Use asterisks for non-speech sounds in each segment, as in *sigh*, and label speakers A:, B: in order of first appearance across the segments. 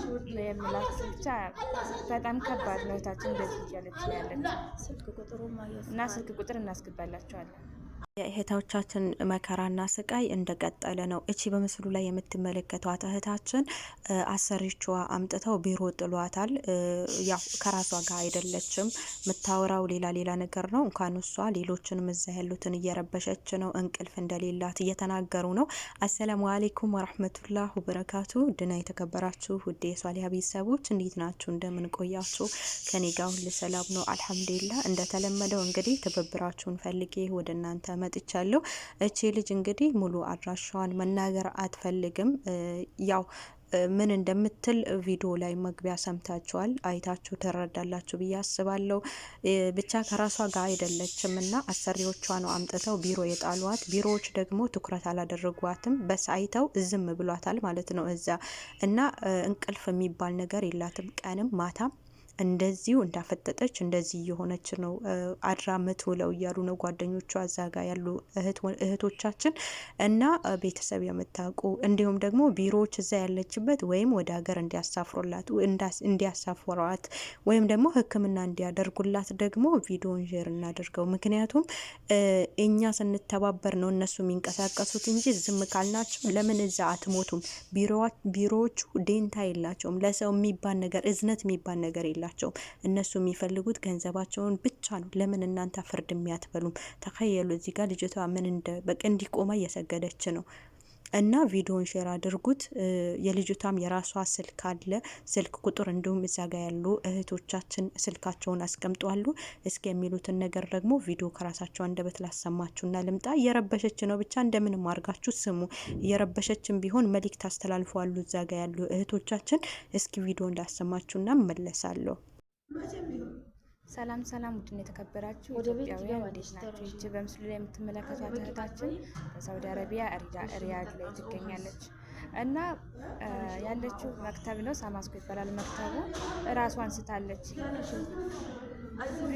A: ሽውድ ነው የምላት ብቻ በጣም ከባድ ነው። እህታችን እንደዚህ እያለች ያለች እና ስልክ ቁጥር እናስገባላቸዋለን። የእህቶቻችን መከራና ስቃይ እንደቀጠለ ነው። እቺ በምስሉ ላይ የምትመለከቷት እህታችን አሰሪችዋ አምጥተው ቢሮ ጥሏታል። ያው ከራሷ ጋር አይደለችም የምታወራው፣ ሌላ ሌላ ነገር ነው። እንኳን እሷ ሌሎችንም እዛ ያሉትን እየረበሸች ነው። እንቅልፍ እንደሌላት እየተናገሩ ነው። አሰላሙ አሌይኩም ወራህመቱላህ ወበረካቱ። ድና የተከበራችሁ ውድ የሷሊያ ቤተሰቦች እንዴት ናችሁ? እንደምን ቆያችሁ? ከኔ ጋር ሁሉ ሰላም ነው አልሐምዱሊላህ። እንደተለመደው እንግዲህ ትብብራችሁን ፈልጌ ወደ እናንተ መጥቻለሁ። እቺ ልጅ እንግዲህ ሙሉ አድራሻዋን መናገር አትፈልግም ያው ምን እንደምትል ቪዲዮ ላይ መግቢያ ሰምታችኋል፣ አይታችሁ ትረዳላችሁ ብዬ አስባለሁ። ብቻ ከራሷ ጋር አይደለችም እና አሰሪዎቿ ነው አምጥተው ቢሮ የጣሏት። ቢሮዎች ደግሞ ትኩረት አላደረጓትም፣ በሳይተው ዝም ብሏታል ማለት ነው እዛ እና እንቅልፍ የሚባል ነገር የላትም ቀንም ማታም እንደዚሁ እንዳፈጠጠች እንደዚህ እየሆነች ነው አድራ ምትውለው እያሉ ነው ጓደኞቿ እዛ ያሉ እህቶቻችን እና ቤተሰብ የምታውቁ እንዲሁም ደግሞ ቢሮዎች እዛ ያለችበት ወይም ወደ ሀገር እንዲያሳፍሩላት እንዲያሳፍሯት ወይም ደግሞ ሕክምና እንዲያደርጉላት ደግሞ ቪዲዮን ሼር እናድርገው። ምክንያቱም እኛ ስንተባበር ነው እነሱ የሚንቀሳቀሱት እንጂ ዝም ካልናቸው ለምን እዛ አትሞቱም? ቢሮዎቹ ዴንታ የላቸውም። ለሰው የሚባል ነገር እዝነት የሚባል ነገር የለም። የላቸውም። እነሱ የሚፈልጉት ገንዘባቸውን ብቻ ነው። ለምን እናንተ ፍርድ የሚያትበሉም? ተከየሉ እዚህ ጋር ልጅቷ ምን እንደ በቅ እንዲቆማ እየሰገደች ነው። እና ቪዲዮን ሼር አድርጉት። የልጅቷም የራሷ ስልክ አለ ስልክ ቁጥር እንዲሁም እዛ ጋ ያሉ እህቶቻችን ስልካቸውን አስቀምጧሉ። እስኪ የሚሉትን ነገር ደግሞ ቪዲዮ ከራሳቸው አንደበት ላሰማችሁና ልምጣ። እየረበሸች ነው ብቻ እንደምንም አርጋችሁ ስሙ። እየረበሸችን ቢሆን መልእክት አስተላልፈዋሉ እዛ ጋ ያሉ እህቶቻችን። እስኪ ቪዲዮ እንዳሰማችሁና መለሳለሁ።
B: ሰላም ሰላም፣ ውድን የተከበራችሁ ኢትዮጵያውያን እንዴት ናችሁ? ይቺ በምስሉ ላይ የምትመለከቷት እህታችን በሳውዲ አረቢያ ሪያድ ላይ ትገኛለች እና ያለችው መክተብ ነው። ሳማስኮ ይባላል መክተቡ። እራሷን አንስታለች።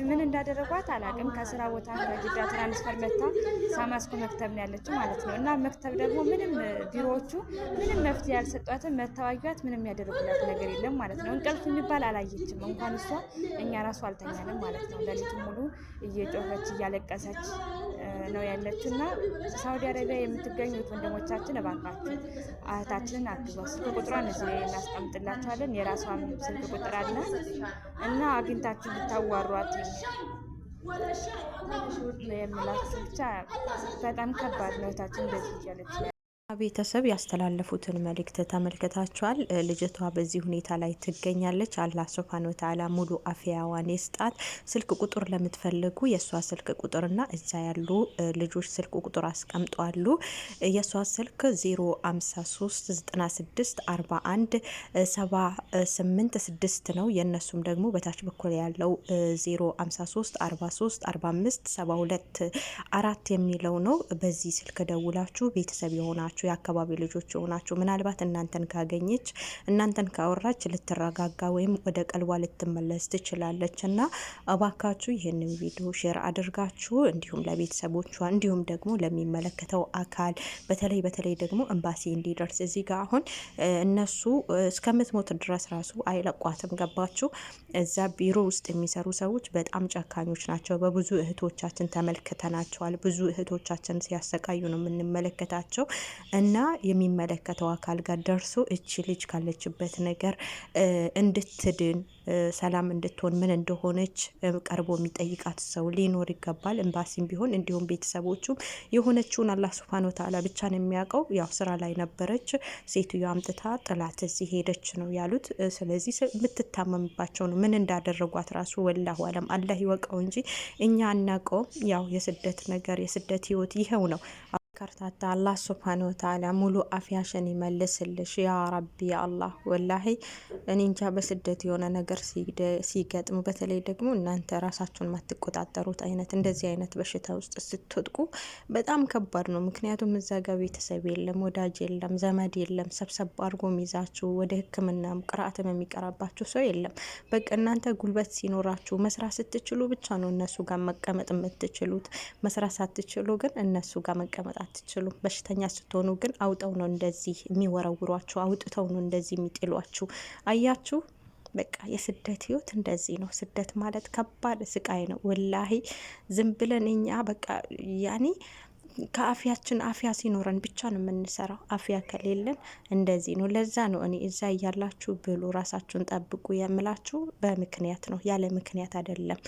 B: ምን እንዳደረጓት አላውቅም። ከስራ ቦታ ከጅዳ ትራንስፈር መታ ሳማስኮ መክተብ ነው ያለችው ማለት ነው። እና መክተብ ደግሞ ምንም ቢሮዎቹ ምንም መፍትሄ ያልሰጧትን መታዋጊያት ምንም ያደረጉላት ነገር የለም ማለት ነው። እንቅልፍ የሚባል አላየችም። እንኳን እሷ እኛ ራሱ አልተኛንም ማለት ነው። ለሊቱ ሙሉ እየጮኸች እያለቀሰች ነው ያለችው። እና ሳውዲ አረቢያ የምትገኙት ወንድሞቻችን እባካችሁ እህታችንን አግዟ። ስልክ ቁጥሯን እዚህ እናስቀምጥላቸዋለን። የራሷን ስልክ ቁጥር አለ እና አግኝታችሁ ብታዋሩ አወሯት። ወደ ነው የምላት። ብቻ
A: በጣም ከባድ ነው። ታችን እንደዚህ እያለች ቤተሰብ ያስተላለፉትን መልእክት ተመልክታችኋል። ልጅቷ በዚህ ሁኔታ ላይ ትገኛለች። አላህ ሱብሃነ ወተዓላ ሙሉ አፍያዋን የስጣት። ስልክ ቁጥር ለምትፈልጉ የእሷ ስልክ ቁጥርና እዛ ያሉ ልጆች ስልክ ቁጥር አስቀምጧሉ። የእሷ ስልክ 0539641786 ነው። የእነሱም ደግሞ በታች በኩል ያለው 0534345724 የሚለው ነው። በዚህ ስልክ ደውላችሁ ቤተሰብ የሆናችሁ የሆናችሁ የአካባቢ ልጆች የሆናችሁ ምናልባት እናንተን ካገኘች እናንተን ካወራች ልትረጋጋ ወይም ወደ ቀልቧ ልትመለስ ትችላለች እና እባካችሁ ይህንን ቪዲዮ ሼር አድርጋችሁ እንዲሁም ለቤተሰቦቿ እንዲሁም ደግሞ ለሚመለከተው አካል በተለይ በተለይ ደግሞ ኤምባሲ እንዲደርስ እዚህ ጋር አሁን እነሱ እስከምትሞት ድረስ ራሱ አይለቋትም። ገባችሁ? እዛ ቢሮ ውስጥ የሚሰሩ ሰዎች በጣም ጨካኞች ናቸው። በብዙ እህቶቻችን ተመልክተናቸዋል። ብዙ እህቶቻችን ሲያሰቃዩ ነው የምንመለከታቸው። እና የሚመለከተው አካል ጋር ደርሶ እቺ ልጅ ካለችበት ነገር እንድትድን ሰላም እንድትሆን ምን እንደሆነች ቀርቦ የሚጠይቃት ሰው ሊኖር ይገባል። ኤምባሲም ቢሆን እንዲሁም ቤተሰቦቹም የሆነችውን አላህ ሱብሃነ ወተዓላ ብቻ ነው የሚያውቀው። ያው ስራ ላይ ነበረች ሴትዮ አምጥታ ጥላት እዚህ ሄደች ነው ያሉት። ስለዚህ የምትታመምባቸው ነው ምን እንዳደረጓት ራሱ ወላሁ አለም አላህ ይወቀው እንጂ እኛ አናውቀውም። ያው የስደት ነገር የስደት ህይወት ይኸው ነው። ከርታታ አላህ ስብሓን ወተዓላ ሙሉ አፍያሽን ይመልስልሽ ያ ረቢ አላህ። ወላሂ እኔ እንጃ በስደት የሆነ ነገር ሲገጥም በተለይ ደግሞ እናንተ ራሳችሁን ማትቆጣጠሩት አይነት እንደዚህ አይነት በሽታ ውስጥ ስትወጥቁ በጣም ከባድ ነው። ምክንያቱም እዛ ጋ ቤተሰብ የለም፣ ወዳጅ የለም፣ ዘመድ የለም። ሰብሰብ አድርጎ ይዛችሁ ወደ ሕክምና ቅርአትም የሚቀራባችሁ ሰው የለም። በቃ እናንተ ጉልበት ሲኖራችሁ መስራት ስትችሉ ብቻ ነው እነሱ ጋር መቀመጥ የምትችሉት። መስራት ሳትችሉ ግን እነሱ ጋር መቀመጥ አትችሉም። በሽተኛ ስትሆኑ ግን አውጠው ነው እንደዚህ የሚወረውሯችሁ፣ አውጥተው ነው እንደዚህ የሚጥሏችሁ። አያችሁ። በቃ የስደት ህይወት እንደዚህ ነው። ስደት ማለት ከባድ ስቃይ ነው። ወላሂ ዝም ብለን እኛ በቃ ያኔ ከአፍያችን አፍያ ሲኖረን ብቻ ነው የምንሰራው። አፍያ ከሌለን እንደዚህ ነው። ለዛ ነው እኔ እዛ እያላችሁ ብሉ፣ ራሳችሁን ጠብቁ የምላችሁ በምክንያት ነው፣ ያለ ምክንያት አይደለም።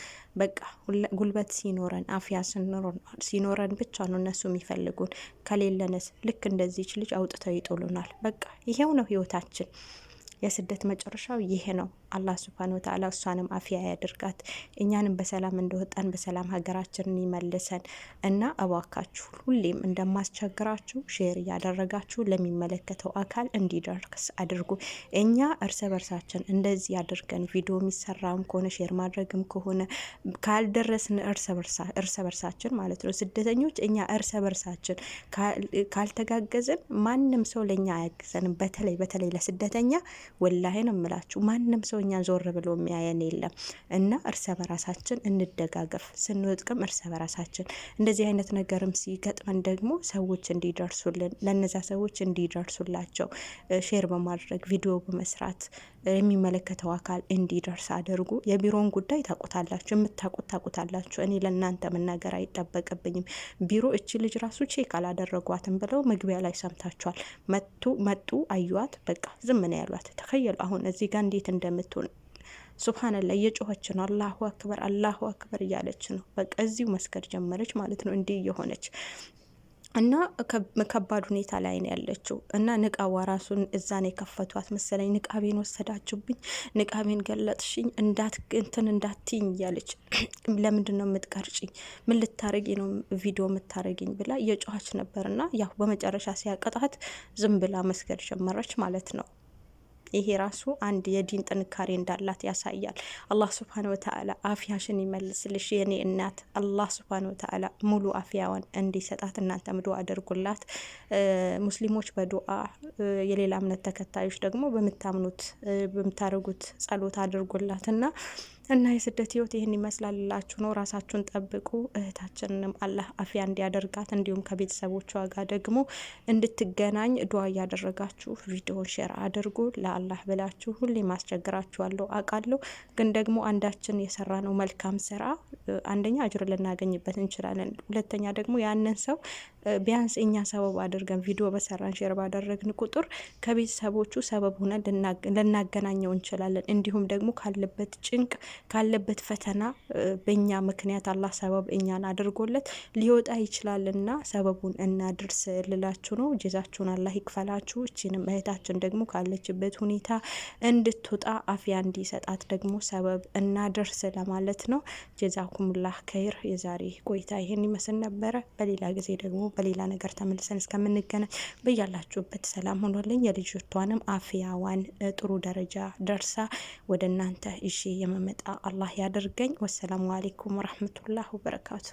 A: በቃ ጉልበት ሲኖረን አፍያ ሲኖረን ብቻ ነው እነሱ የሚፈልጉን። ከሌለንስ ልክ እንደዚች ልጅ አውጥተው ይጥሉናል። በቃ ይሄው ነው ህይወታችን። የስደት መጨረሻው ይሄ ነው። አላህ ሱብሃነ ወተዓላ እሷንም አፊያ ያድርጋት፣ እኛንም በሰላም እንደወጣን በሰላም ሀገራችንን ይመልሰን እና እባካችሁ ሁሌም እንደማስቸግራችሁ ሼር እያደረጋችሁ ለሚመለከተው አካል እንዲደርስ አድርጉ። እኛ እርስ በርሳችን እንደዚህ አድርገን ቪዲዮ የሚሰራም ከሆነ ሼር ማድረግም ከሆነ ካልደረስን እርስ በርሳችን ማለት ነው ስደተኞች እኛ እርስ በርሳችን ካልተጋገዝን ማንም ሰው ለእኛ አያግዘንም። በተለይ በተለይ ለስደተኛ ወላሄ ነው የምላችሁ። ማንም ሰው እኛን ዞር ብሎ የሚያየን የለም እና እርሰ በራሳችን እንደጋገፍ፣ ስንወጥቅም እርሰ በራሳችን እንደዚህ አይነት ነገርም ሲገጥመን ደግሞ ሰዎች እንዲደርሱልን ለነዛ ሰዎች እንዲደርሱላቸው ሼር በማድረግ ቪዲዮ በመስራት የሚመለከተው አካል እንዲደርስ አድርጉ። የቢሮውን ጉዳይ ታቁታላችሁ፣ የምታቁት ታቁታላችሁ። እኔ ለእናንተ መናገር አይጠበቅብኝም። ቢሮ እቺ ልጅ ራሱ ቼክ አላደረጓትም ብለው መግቢያ ላይ ሰምታችኋል። መቱ መጡ አዩዋት፣ በቃ ዝም ነው ያሏት። ተከየሉ አሁን እዚህ ጋር እንዴት እንደምትሆን ሱብሃንላ እየጮኸች ነው። አላሁ አክበር አላሁ አክበር እያለች ነው። በቃ እዚሁ መስገድ ጀመረች ማለት ነው። እንዲህ እየሆነች እና ከባድ ሁኔታ ላይ ነው ያለችው። እና ንቃዋ ራሱን እዛን የከፈቷት መሰለኝ። ንቃቤን ወሰዳችሁብኝ፣ ንቃቤን ገለጥሽኝ፣ እንዳት እንትን እንዳትኝ እያለች *clears throat* ለምንድን ነው የምትቀርጭኝ? ምን ልታረጊ ነው ቪዲዮ የምታረጊኝ? ብላ የጮኸች ነበር። እና ያው በመጨረሻ ሲያቀጣት ዝም ብላ መስገድ ጀመረች ማለት ነው። ይሄ ራሱ አንድ የዲን ጥንካሬ እንዳላት ያሳያል። አላህ ስብሃነ ወተዓላ አፍያሽን ይመልስልሽ የኔ እናት። አላህ ስብሃነ ወተዓላ ሙሉ አፍያዋን እንዲሰጣት እናንተ ምዶ አድርጉላት። ሙስሊሞች በዱአ የሌላ እምነት ተከታዮች ደግሞ በምታምኑት በምታደርጉት ጸሎት አድርጉላት እና እና የስደት ህይወት ይህን ይመስላልላችሁ ነው። ራሳችሁን ጠብቁ። እህታችንንም አላህ አፊያ እንዲያደርጋት እንዲሁም ከቤተሰቦቿ ጋር ደግሞ እንድትገናኝ ድዋ እያደረጋችሁ ቪዲዮን ሼር አድርጉ። ለአላህ ብላችሁ ሁሌ ማስቸግራችኋለሁ አውቃለሁ። ግን ደግሞ አንዳችን የሰራ ነው መልካም ስራ አንደኛ አጅር ልናገኝበት እንችላለን፣ ሁለተኛ ደግሞ ያንን ሰው ቢያንስ እኛ ሰበብ አድርገን ቪዲዮ በሰራን ሼር ባደረግን ቁጥር ከቤተሰቦቹ ሰበብ ሆነን ልናገናኘው እንችላለን። እንዲሁም ደግሞ ካለበት ጭንቅ ካለበት ፈተና በእኛ ምክንያት አላህ ሰበብ እኛን አድርጎለት ሊወጣ ይችላልና ሰበቡን እናድርስ ልላችሁ ነው። ጀዛችሁን አላህ ይክፈላችሁ። እችንም እህታችን ደግሞ ካለችበት ሁኔታ እንድትወጣ አፍያ እንዲሰጣት ደግሞ ሰበብ እናድርስ ለማለት ነው። ላህ ከይር። የዛሬ ቆይታ ይህን ይመስል ነበረ። በሌላ ጊዜ ደግሞ በሌላ ነገር ተመልሰን እስከምንገናኝ በያላችሁበት ሰላም ሆኖልኝ የልጅቷንም አፍያዋን ጥሩ ደረጃ ደርሳ ወደ እናንተ እሺ የመመጣ አላህ ያደርገኝ። ወሰላሙ አሌይኩም ወረህመቱላህ ወበረካቱ።